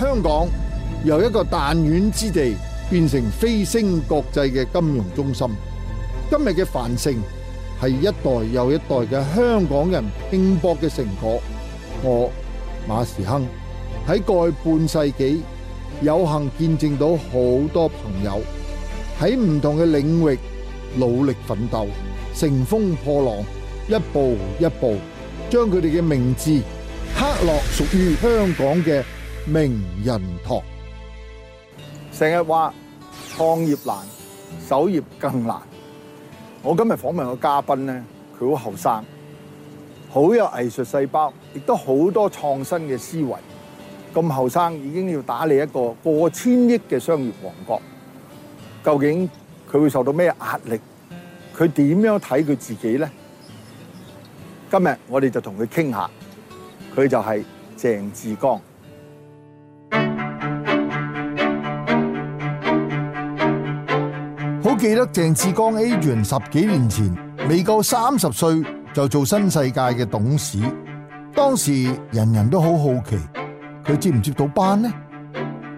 香港由一個彈丸之地變成飛升國際嘅金融中心，今日嘅繁盛係一代又一代嘅香港人拼搏嘅成果我。我馬時亨喺過去半世紀，有幸見證到好多朋友喺唔同嘅領域努力奮鬥、乘風破浪，一步一步將佢哋嘅名字刻落屬於香港嘅名人堂。成日話創業難，守業更難。我今日訪問個嘉賓咧，佢好後生，好有藝術細胞，亦都好多創新嘅思維。咁後生已經要打理一個過千億嘅商業王國，究竟佢會受到咩壓力？佢點樣睇佢自己咧？今日我哋就同佢傾下，佢就係鄭志剛。記得鄭志剛 A 君十幾年前未夠三十歲就做新世界嘅董事，當時人人都好好奇佢接唔接到班呢？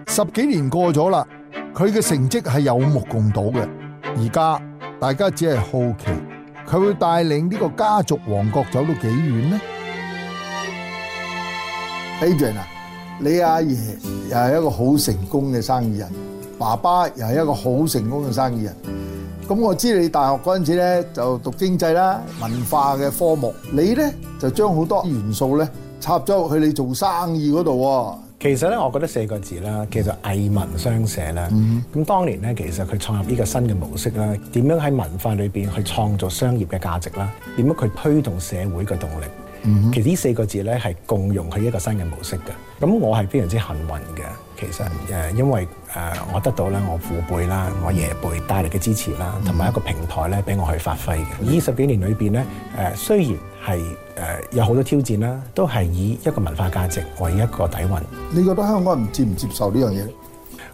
十幾年過咗啦，佢嘅成績係有目共睹嘅。而家大家只係好奇佢會帶領呢個家族王國走到幾遠呢？A 君啊，Adrian, 你阿爺又係一個好成功嘅生意人。爸爸又係一個好成功嘅生意人，咁我知你大學嗰陣時咧就讀經濟啦、文化嘅科目，你咧就將好多元素咧插咗去你做生意嗰度喎。其實咧，我覺得四個字啦，其實藝文商社啦。咁、嗯、當年咧，其實佢創立呢個新嘅模式啦，點樣喺文化裏邊去創造商業嘅價值啦，點樣去推動社會嘅動力。嗯、其實呢四個字咧係共用佢一個新嘅模式嘅。咁我係非常之幸運嘅，其實誒、呃，因為誒、呃，我得到咧我父輩啦、我爺輩帶嚟嘅支持啦，同埋一個平台咧，俾我去發揮嘅。二十幾年裏邊咧，誒、呃，雖然係誒、呃、有好多挑戰啦，都係以一個文化價值為一個底蘊。你覺得香港人接唔接受呢樣嘢咧？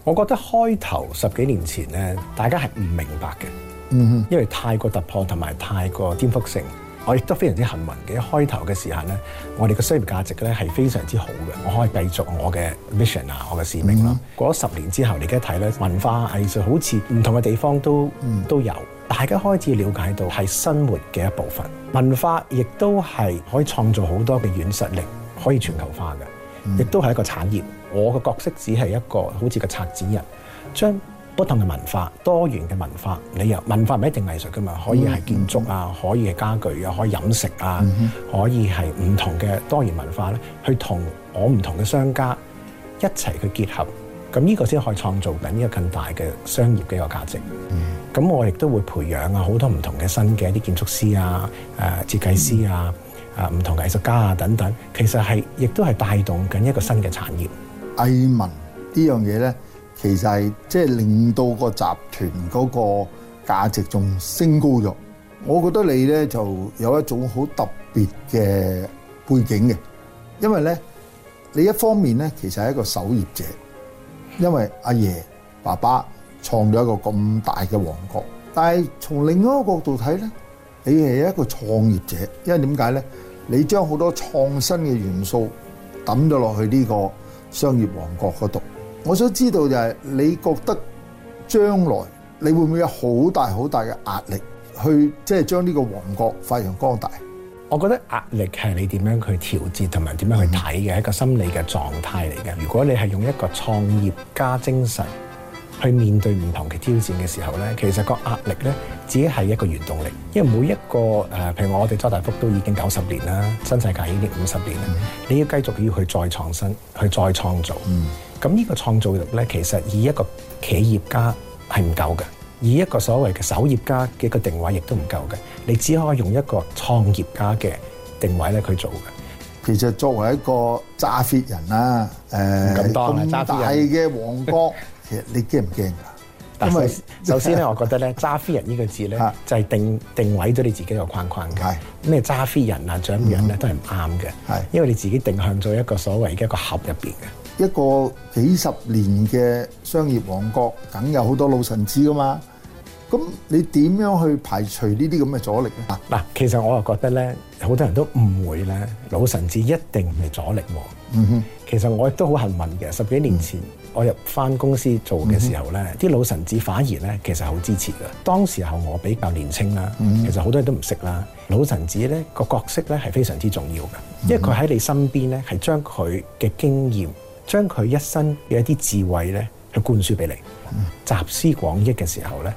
我覺得開頭十幾年前咧，大家係唔明白嘅，嗯哼，因為太過突破同埋太過顛覆性。我亦都非常之幸運嘅，一開頭嘅時候咧，我哋嘅商業價值咧係非常之好嘅，我可以繼續我嘅 vision 啊，我嘅使命啦。過咗十年之後，你而家睇咧，文化藝術好似唔同嘅地方都都有，mm -hmm. 大家開始了解到係生活嘅一部分。文化亦都係可以創造好多嘅軟實力，可以全球化嘅，亦都係一個產業。我嘅角色只係一個好似個策展人，將不同嘅文化，多元嘅文化，你又文化唔一定藝術噶嘛？可以係建築啊、嗯，可以係家具啊，可以飲食啊、嗯，可以係唔同嘅多元文化咧，去同我唔同嘅商家一齊去結合，咁呢個先可以創造緊呢個更大嘅商業嘅一個價值。咁、嗯、我亦都會培養啊，好多唔同嘅新嘅一啲建築師啊、誒設計師啊、啊唔同藝術家啊等等，其實係亦都係帶動緊一個新嘅產業。藝文這件事呢樣嘢咧。其實即係令到個集團嗰個價值仲升高咗。我覺得你咧就有一種好特別嘅背景嘅，因為咧你一方面咧其實係一個守業者，因為阿爺爸爸創咗一個咁大嘅王國。但係從另一個角度睇咧，你係一個創業者，因為點解咧？你將好多創新嘅元素揼咗落去呢個商業王國嗰度。我想知道就係你覺得將來你會唔會有好大好大嘅壓力去即係將呢個王國發揚光大？我覺得壓力係你點樣去調節同埋點樣去睇嘅，嗯、係一個心理嘅狀態嚟嘅。如果你係用一個創業家精神去面對唔同嘅挑戰嘅時候咧，其實個壓力咧只係一個原動力。因為每一個誒、呃，譬如我哋周大福都已經九十年啦，新世界已經五十年啦，嗯，你要繼續要去再創新，去再創造。嗯咁、這、呢個創造力咧，其實以一個企業家係唔夠嘅，以一個所謂嘅守業家嘅個定位亦都唔夠嘅，你只可以用一個創業家嘅定位咧去做嘅。其實作為一個揸 fit 人啊，誒、呃、咁大嘅王國，其實 你驚唔驚㗎？因為首先咧，我覺得咧揸 fit 人呢個字咧，就係定定位咗你自己個框框嘅。咩揸 fit 人啊、長人咧都係唔啱嘅，係因為你自己定向咗一個所謂嘅一個盒入邊嘅。一個幾十年嘅商業王國，梗有好多老臣子噶嘛。咁你點樣去排除呢啲咁嘅阻力咧？嗱，其實我又覺得咧，好多人都誤會咧，老臣子一定唔係阻力喎。嗯哼，其實我亦都好幸運嘅。十幾年前、嗯、我入翻公司做嘅時候咧，啲、嗯、老臣子反而咧其實好支持嘅。當時候我比較年青啦、嗯，其實好多人都唔識啦。老臣子咧個角色咧係非常之重要嘅、嗯，因為佢喺你身邊咧係將佢嘅經驗。將佢一生嘅一啲智慧咧，去灌輸俾你、嗯，集思廣益嘅時候咧，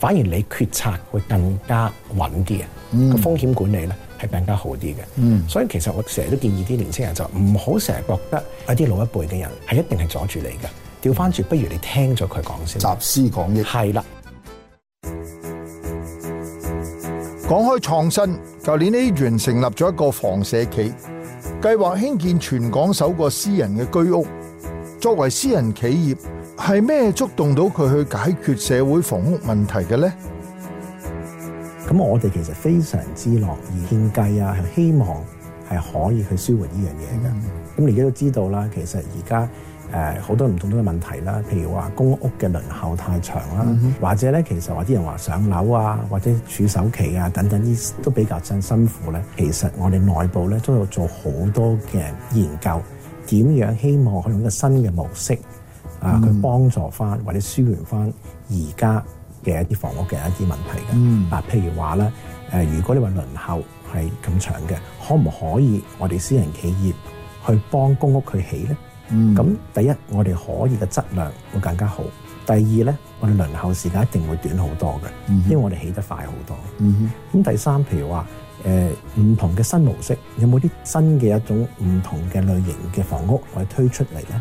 反而你決策會更加穩啲嘅，個、嗯、風險管理咧係更加好啲嘅、嗯。所以其實我成日都建議啲年青人就唔好成日覺得啊啲老一輩嘅人係一定係阻住你嘅，調翻轉，不如你聽咗佢講先。集思廣益係啦。講開創新，舊年 A 元成立咗一個房社企。計劃興建全港首個私人嘅居屋，作為私人企業，係咩觸動到佢去解決社會房屋問題嘅咧？咁我哋其實非常之樂意獻計啊，是希望係可以去舒緩呢樣嘢嘅。咁你而家都知道啦，其實而家。誒好多唔同嘅問題啦，譬如話公屋嘅輪候太長啦、mm -hmm.，或者咧其實話啲人話上樓啊，或者儲首期啊等等呢，都比較真辛苦咧。其實我哋內部咧都有做好多嘅研究，點樣希望用一個新嘅模式啊，mm -hmm. 去幫助翻或者舒緩翻而家嘅一啲房屋嘅一啲問題嘅。Mm -hmm. 譬如話咧，誒如果你話輪候係咁長嘅，可唔可以我哋私人企業去幫公屋佢起咧？咁、嗯、第一，我哋可以嘅質量會更加好；第二咧，我哋輪候時間一定會短好多嘅、嗯，因為我哋起得快好多。咁、嗯、第三，譬如話誒，唔、呃、同嘅新模式有冇啲新嘅一種唔同嘅類型嘅房屋可以推出嚟咧，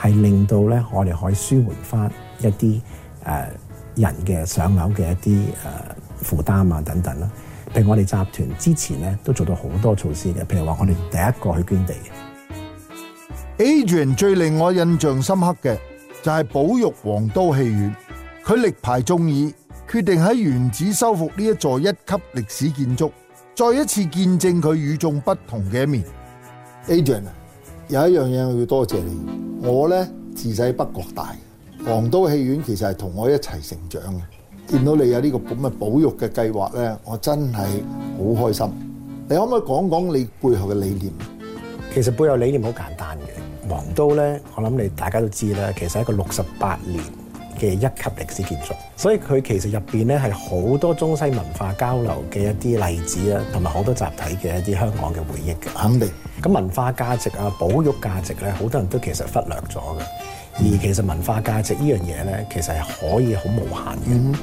係令到咧我哋可以舒緩翻一啲、呃、人嘅上樓嘅一啲、呃、負擔啊等等啦。譬如我哋集團之前咧都做到好多措施嘅，譬如話我哋第一個去捐地。Adrian 最令我印象深刻嘅就係、是、保育皇都戲院，佢力排眾議，決定喺原址修復呢一座一級歷史建築，再一次見證佢與眾不同嘅一面。Adrian 啊，有一樣嘢我要多謝、謝你。我咧自細喺北國大，皇都戲院其實係同我一齊成長嘅。見到你有呢個咁嘅保育嘅計劃咧，我真係好開心。你可唔可以講講你背後嘅理念？其實背後理念好簡單嘅。皇都咧，我諗你大家都知啦，其實係一個六十八年嘅一級歷史建築，所以佢其實入面咧係好多中西文化交流嘅一啲例子啊，同埋好多集體嘅一啲香港嘅回憶嘅。肯定咁文化價值啊，保育價值咧，好多人都其實忽略咗嘅，而其實文化價值呢樣嘢咧，其實係可以好無限嘅。嗯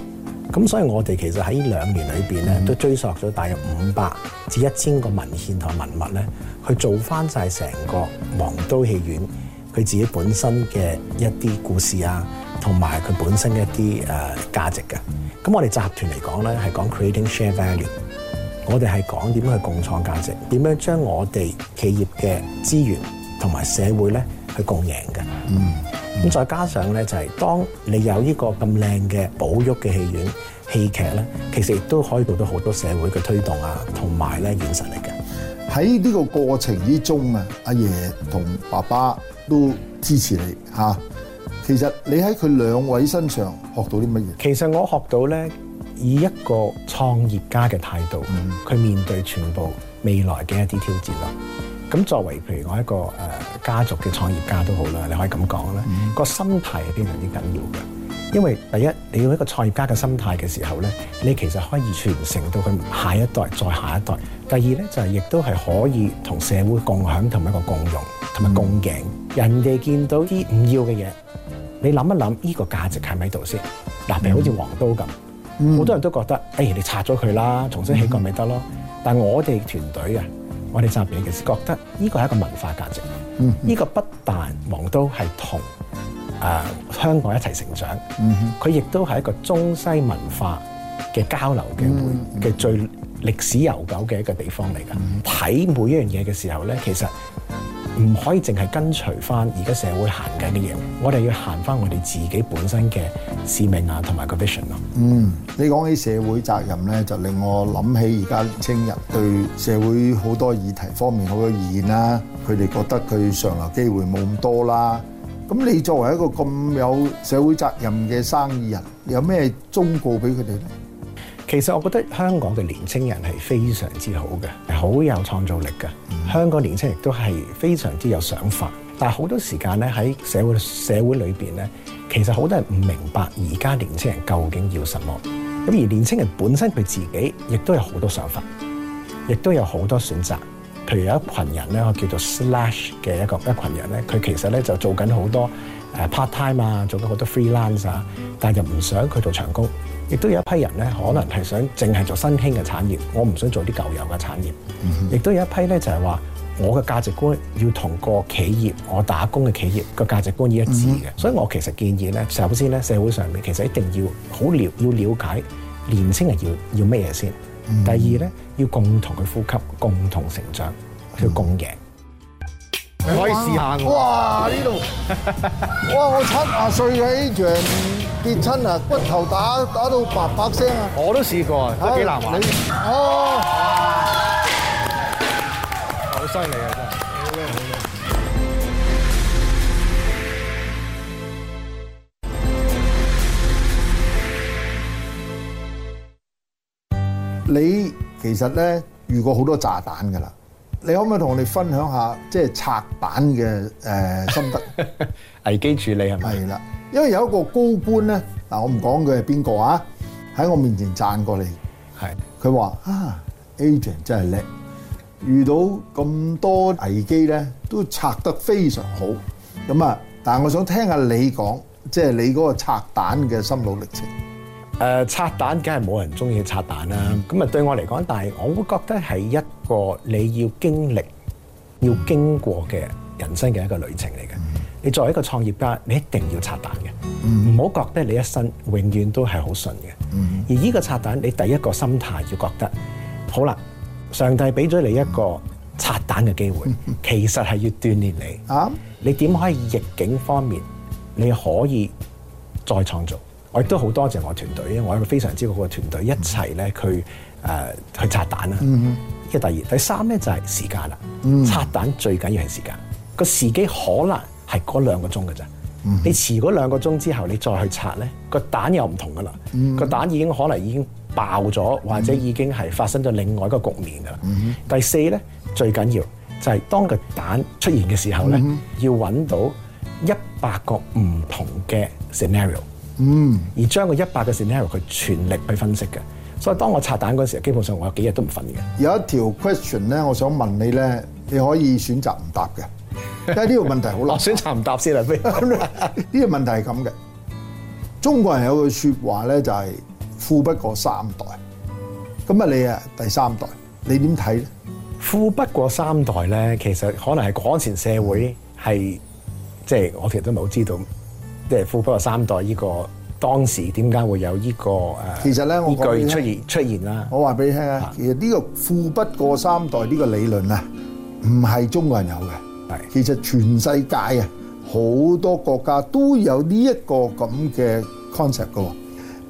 咁所以我哋其實喺兩年裏邊咧，都追溯咗大約五百至一千個文獻同文物咧，去做翻晒成個皇都戲院佢自己本身嘅一啲故事啊，同埋佢本身嘅一啲誒價值嘅。咁我哋集團嚟講咧，係講 creating shared value，我哋係講點樣去共創價值，點樣將我哋企業嘅資源同埋社會咧。去共贏嘅，嗯，咁再加上咧就係，當你有依個咁靚嘅保育嘅戲院戲劇咧，其實亦都可以做到好多社會嘅推動啊，同埋咧現實力嘅。喺呢個過程之中啊，阿爺同爸爸都支持你嚇。其實你喺佢兩位身上學到啲乜嘢？其實我學到咧，以一個創業家嘅態度，去面對全部未來嘅一啲挑戰咯。咁作為譬如我一個誒。家族嘅創業家都好啦，你可以咁講啦。個、嗯、心態係非常之緊要嘅。因為第一，你要一個創業家嘅心態嘅時候咧，你其實可以傳承到佢下一代、再下一代。第二咧就係亦都係可以同社會共享，同埋一個共用，同埋共贏。嗯、人哋見到啲唔要嘅嘢，你諗一諗，呢個價值喺唔喺度先？嗱，譬如好似皇都咁，好、嗯、多人都覺得，哎，你拆咗佢啦，重新起個咪得咯。但係我哋團隊啊～我哋集便其實覺得呢個係一個文化價值，呢、嗯這個不但皇都係同誒香港一齊成長，佢亦都係一個中西文化嘅交流嘅嘅、嗯、最歷史悠久嘅一個地方嚟噶。睇、嗯、每一樣嘢嘅時候咧，其實。唔可以淨係跟隨翻而家社會行緊啲嘢，我哋要行翻我哋自己本身嘅使命啊，同埋個 vision 咯。嗯，你講起社會責任咧，就令我諗起而家年青人對社會好多議題方面好有意見啦。佢哋覺得佢上流機會冇咁多啦。咁你作為一個咁有社會責任嘅生意人，有咩忠告俾佢哋咧？其實我覺得香港嘅年青人係非常之好嘅，係好有創造力嘅。香港年青人都係非常之有想法，但係好多時間咧，喺社會社會裏邊咧，其實好多人唔明白而家年青人究竟要什麼。咁而年青人本身佢自己亦都有好多想法，亦都有好多選擇。譬如有一群人咧，我叫做 Slash 嘅一個一群人咧，佢其實咧就做緊好多誒 part time 啊，做緊好多 freelance 啊，但又唔想佢做長工。亦都有一批人咧，可能係想淨係做新興嘅產業，我唔想做啲舊有嘅產業，亦、嗯、都有一批咧，就係話，我嘅價值觀要同個企業，我打工嘅企業個價值觀要一致嘅、嗯。所以我其實建議咧，首先咧社會上面其實一定要好了要了解年輕人要要乜嘢先、嗯。第二咧要共同去呼吸，共同成長，去共贏。嗯你可以試下喎！哇！呢度，哇！我七啊歲喺呢場跌親啊，骨頭打打到白白聲啊！我都試過啊，都幾難玩。好，好犀利啊！真係。你其實咧遇過好多炸彈㗎啦。你可唔可以同我哋分享下即係拆彈嘅誒、呃、心得？ 危機處理係咪？係啦，因為有一個高官咧，嗱我唔講佢係邊個啊，喺我面前讚過你係佢話啊，Adrian 真係叻，遇到咁多危機咧都拆得非常好咁啊。但係我想聽下你講，即係你嗰個拆彈嘅心路歷程。誒、呃，拆彈梗係冇人中意拆彈啦。咁、嗯、啊，對我嚟講，但係我會覺得係一個你要經歷、嗯、要經過嘅人生嘅一個旅程嚟嘅、嗯。你作為一個創業家，你一定要拆彈嘅，唔、嗯、好覺得你一生永遠都係好順嘅。而呢個拆彈，你第一個心態要覺得，好啦，上帝俾咗你一個拆彈嘅機會、嗯，其實係要鍛煉你。啊，你點可以逆境方面，你可以再創造？我亦都好多謝我團隊，因為我一個非常之好嘅團隊一齊咧，佢、呃、誒去拆彈啦。因、mm、為 -hmm. 第二、第三咧就係時間啦，拆、mm -hmm. 彈最緊要係時間個時機，可能係嗰兩個鐘嘅啫。Mm -hmm. 你遲嗰兩個鐘之後，你再去拆咧個彈又唔同噶啦。個、mm -hmm. 彈已經可能已經爆咗，或者已經係發生咗另外一個局面噶啦。Mm -hmm. 第四咧最緊要就係當個彈出現嘅時候咧，mm -hmm. 要揾到一百個唔同嘅 scenario。嗯，而將個一百個線咧，係佢全力去分析嘅。所以當我拆彈嗰時候，基本上我有幾日都唔瞓嘅。有一條 question 咧，我想問你咧，你可以選擇唔答嘅。但係呢個問題好難。 我選擇唔答先啦，不如，呢 個問題係咁嘅。中國人有句說話咧，就係、是、富不過三代。咁啊，那你啊，第三代，你點睇咧？富不過三代咧，其實可能係港前社會係，即、就、係、是、我其實都冇知道。即係富不過三代呢個，當時點解會有呢個誒？其實咧，我句出現出現啦。我話俾你聽啊，其實呢個富不過三代呢個理論啊，唔係中國人有嘅。係其實全世界啊，好多國家都有呢一個咁嘅 concept 嘅。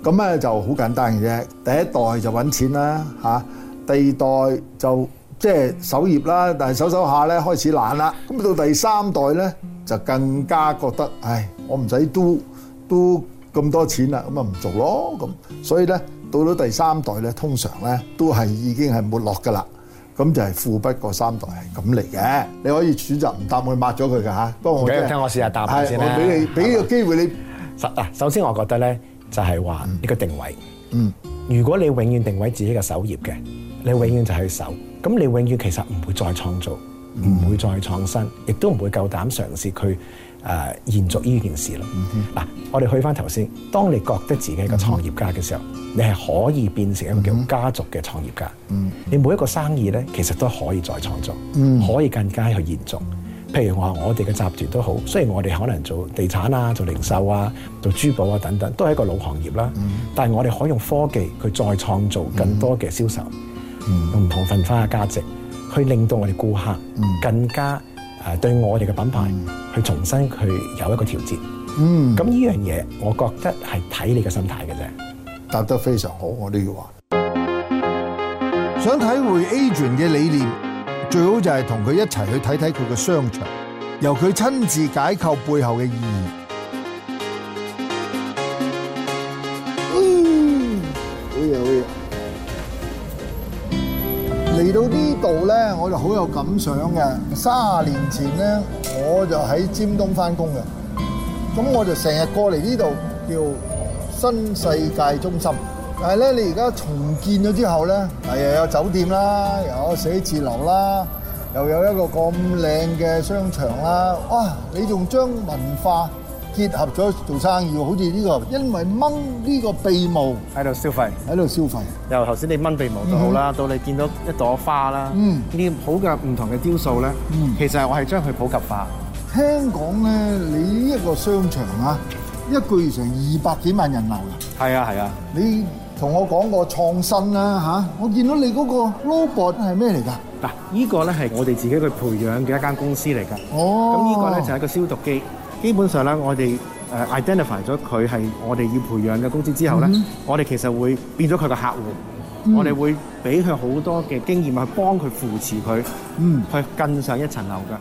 咁咧就好簡單嘅啫。第一代就揾錢啦嚇，第二代就即係守業啦，但係守守下咧開始懶啦。咁到第三代咧就更加覺得唉。我唔使都都咁多錢啦，咁啊唔做咯咁，所以咧到咗第三代咧，通常咧都係已經係沒落噶啦，咁就係富不過三代係咁嚟嘅。你可以選擇唔答我，抹咗佢㗎吓，不過幫我聽、就是、我試下答下先啦。俾你俾個機會你嗱，首先我覺得咧就係話呢個定位，嗯，如果你永遠定位自己嘅守業嘅，你永遠就係守，咁你永遠其實唔會再創造，唔會再創新，亦都唔會夠膽嘗試佢。誒、uh, 延續呢件事咯。嗱、mm -hmm.，我哋去翻頭先，當你覺得自己係一個創業家嘅時候，mm -hmm. 你係可以變成一個叫家族嘅創業家。Mm -hmm. 你每一個生意咧，其實都可以再創造，mm -hmm. 可以更加去延續。譬如話，我哋嘅集團都好，雖然我哋可能做地產啊、做零售啊、做珠寶啊等等，都係一個老行業啦。Mm -hmm. 但係我哋可以用科技去再創造更多嘅銷售，mm -hmm. 用唔同分花嘅價值去令到我哋顧客、mm -hmm. 更加。誒，對，我哋嘅品牌去重新去有一個調節，嗯，咁呢樣嘢我覺得係睇你嘅心態嘅啫。答得非常好，我都要話。想體會 Adrian 嘅理念，最好就係同佢一齊去睇睇佢嘅商場，由佢親自解構背後嘅意義。嗯，好嘢好嘢。嚟到呢度咧，我就好有感想嘅。三十年前咧，我就喺尖東返工嘅，咁我就成日過嚟呢度叫新世界中心。但係咧，你而家重建咗之後咧，係又有酒店啦，又有寫字樓啦，又有一個咁靚嘅商場啦，哇！你仲將文化。結合咗做生意喎，好似呢個，因為掹呢個鼻毛喺度消費，喺度消費。由頭先你掹鼻毛到好啦，到你見到一朵花啦，嗯，呢啲好嘅唔同嘅雕塑咧，嗯，其實我係將佢普及化。聽講咧，你呢一個商場啊，一個月成二百幾萬人流嘅？係啊係啊。你同我講過創新啦嚇，我見到你嗰個 robot 係咩嚟㗎？嗱，呢個咧係我哋自己去培養嘅一間公司嚟㗎。哦，咁呢個咧就係一個消毒機。基本上咧，我哋誒 identify 咗佢係我哋要培養嘅公司之後咧，mm -hmm. 我哋其實會變咗佢嘅客戶，mm -hmm. 我哋會俾佢好多嘅經驗去幫佢扶持佢，嗯、mm -hmm.，去更上一層樓。噶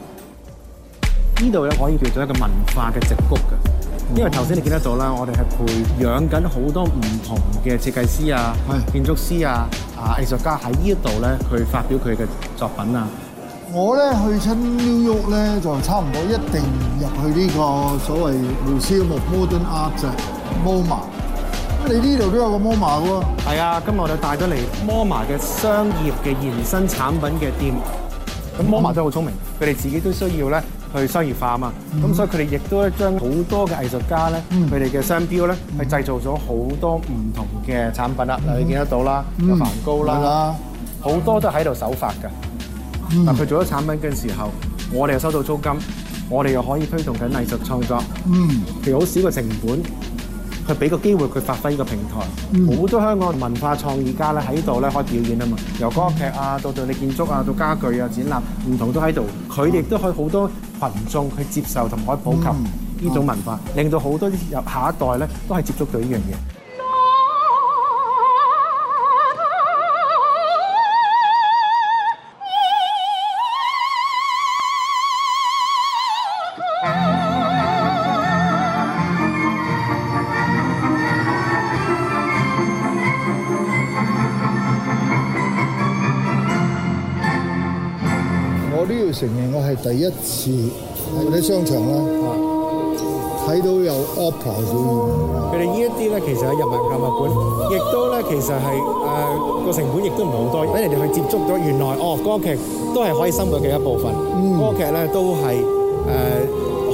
呢度咧可以叫做一個文化嘅植谷嘅，mm -hmm. 因為頭先你見得到啦，我哋係培養緊好多唔同嘅設計師啊、mm -hmm. 築師 mm -hmm. 啊、建築師啊、啊藝術家喺呢一度咧，佢發表佢嘅作品啊。我咧去親 New York 咧，就差唔多一定入去呢、呢個所謂 Museum of Modern Art 啫，MoMA。咁你呢度都有個 MoMA 嘅喎。係啊，今日我哋帶咗嚟 MoMA 嘅商業嘅延伸產品嘅店。咁 MoMA 真係好聰明，佢、嗯、哋自己都需要咧去商業化啊嘛。咁、嗯、所以佢哋亦都將好多嘅藝術家咧，佢哋嘅商標咧、嗯，去製造咗好多唔同嘅產品啦。嗱、嗯，你見得到啦，有、嗯、梵高啦，好多都喺度首發嘅。嗯、但佢做咗產品嘅時候，我哋又收到租金，我哋又可以推動緊藝術創作。嗯，其實好少個成本，佢俾個機會佢發揮呢個平台，好、嗯、多香港文化創意家咧喺度咧可以表演啊嘛，由歌劇啊到到你建築啊到家具啊展覽，唔同都喺度，佢哋亦都可以好多群眾去接受同埋可以普及呢種文化，令到好多入下一代咧都係接觸到呢樣嘢。承認我係第一次喺啲商場啦，睇到有 opera 表演。佢哋依一啲咧，其實喺人民購物館，亦都咧其實係誒個成本亦都唔係好多，俾人哋去接觸到原來哦歌劇都係可以生活嘅一部分。歌劇咧都係誒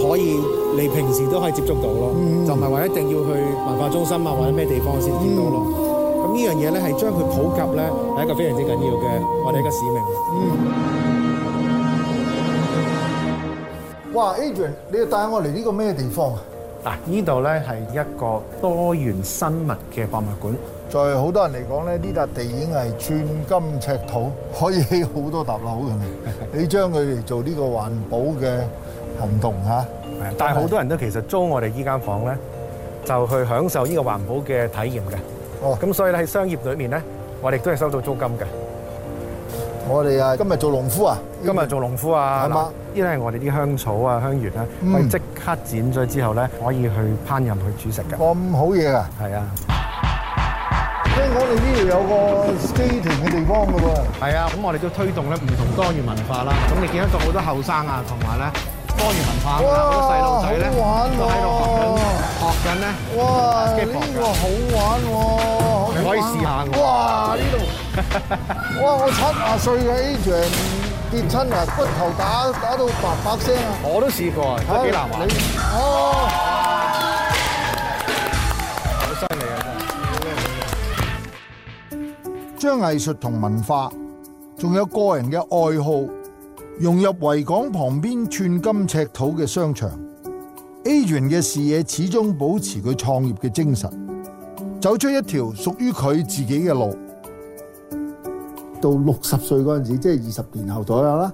可以你平時都可以接觸到咯，就唔係話一定要去文化中心啊或者咩地方先見到咯。咁依樣嘢咧係將佢普及咧係一個非常之緊要嘅，我哋一個使命。哇，Adrian，你要帶我嚟呢個咩地方啊？嗱，呢度咧係一個多元生物嘅博物館。在好多人嚟講咧，呢、嗯、笪地已經係寸金尺土，可以起好多塔樓嘅。 你將佢嚟做呢個環保嘅行動嚇，但係好多人都其實租我哋依間房咧，就去享受呢個環保嘅體驗嘅。哦，咁所以咧喺商業裏面咧，我哋都係收到租金嘅。我哋啊，今日做農夫啊！今日做農夫啊！嗱，依啲係我哋啲香草啊、香葉啦，可以即刻剪咗之後咧，可以去烹飪去煮食嘅。咁好嘢啊！係啊！聽講你呢度有個 skating 嘅地方嘅喎。係啊，咁我哋都推動咧唔同多元文化啦。咁你見得到好多後生啊，同埋咧多元文化啊，好多細路仔咧都喺度學緊，學緊咧。哇！咁呢個好玩喎！你可以試下喎！哇！呢度～ 哇！我七啊歲嘅 A 源，跌親啊，骨頭打打到白白聲啊！我都試過，啊，幾難玩。哦，好犀利啊！真係、啊啊啊啊啊、將藝術同文化，仲有個人嘅愛好，融入維港旁邊寸金尺土嘅商場。A 源嘅視野始終保持佢創業嘅精神，走出一條屬於佢自己嘅路。到六十歲嗰陣時，即係二十年後左右啦。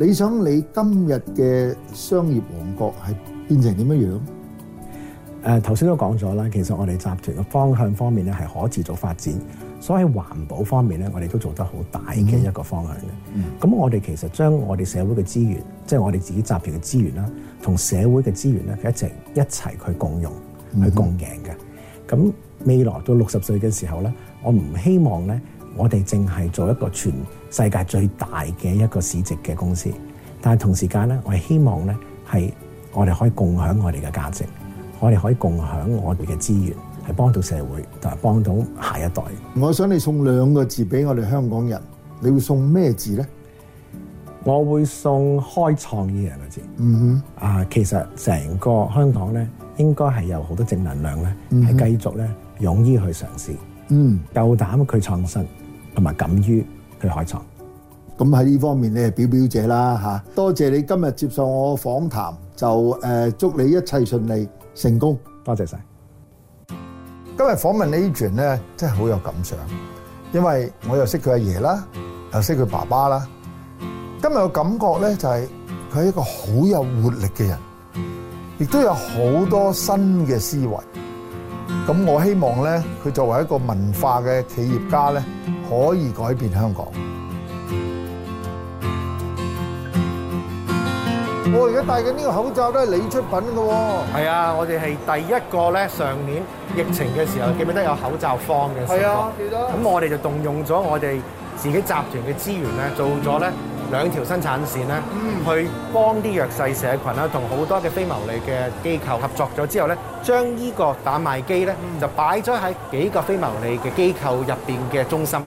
你想你今日嘅商業王國係變成點樣樣？誒頭先都講咗啦，其實我哋集團嘅方向方面咧係可持續發展，所以環保方面咧，我哋都做得好大嘅一個方向嘅。咁、嗯、我哋其實將我哋社會嘅資源，即係我哋自己集團嘅資源啦，同社會嘅資源咧一齊一齊去共用去共贏嘅。咁、嗯、未來到六十歲嘅時候咧，我唔希望咧。我哋正係做一個全世界最大嘅一個市值嘅公司，但係同時間咧，我哋希望咧係我哋可以共享我哋嘅價值，我哋可以共享我哋嘅資源，係幫到社會同埋幫到下一代。我想你送兩個字俾我哋香港人，你會送咩字咧？我會送開創呢兩個字。嗯、mm -hmm. 啊，其實成個香港咧，應該係有好多正能量咧，係、mm -hmm. 繼續咧勇於去嘗試。嗯、mm -hmm.，夠膽去創新。同埋敢於去海藏。咁喺呢方面你係表表姐啦吓，多謝你今日接受我訪談，就誒祝你一切順利成功，多謝晒。今日訪問 Adrian 咧，真係好有感想，因為我又識佢阿爺啦，又識佢爸爸啦。今日嘅感覺咧，就係佢係一個好有活力嘅人，亦都有好多新嘅思維。咁我希望咧，佢作為一個文化嘅企業家咧。可以改變香港。我而家戴緊呢個口罩都係你出品嘅喎。係啊，我哋係第一個咧，上年疫情嘅時候，基本都有口罩荒嘅情況。係啊，記得。咁我哋就動用咗我哋自己集團嘅資源咧，做咗咧兩條生產線咧，去幫啲弱勢社羣啦，同好多嘅非牟利嘅機構合作咗之後咧，將呢個打賣機咧就擺咗喺幾個非牟利嘅機構入邊嘅中心。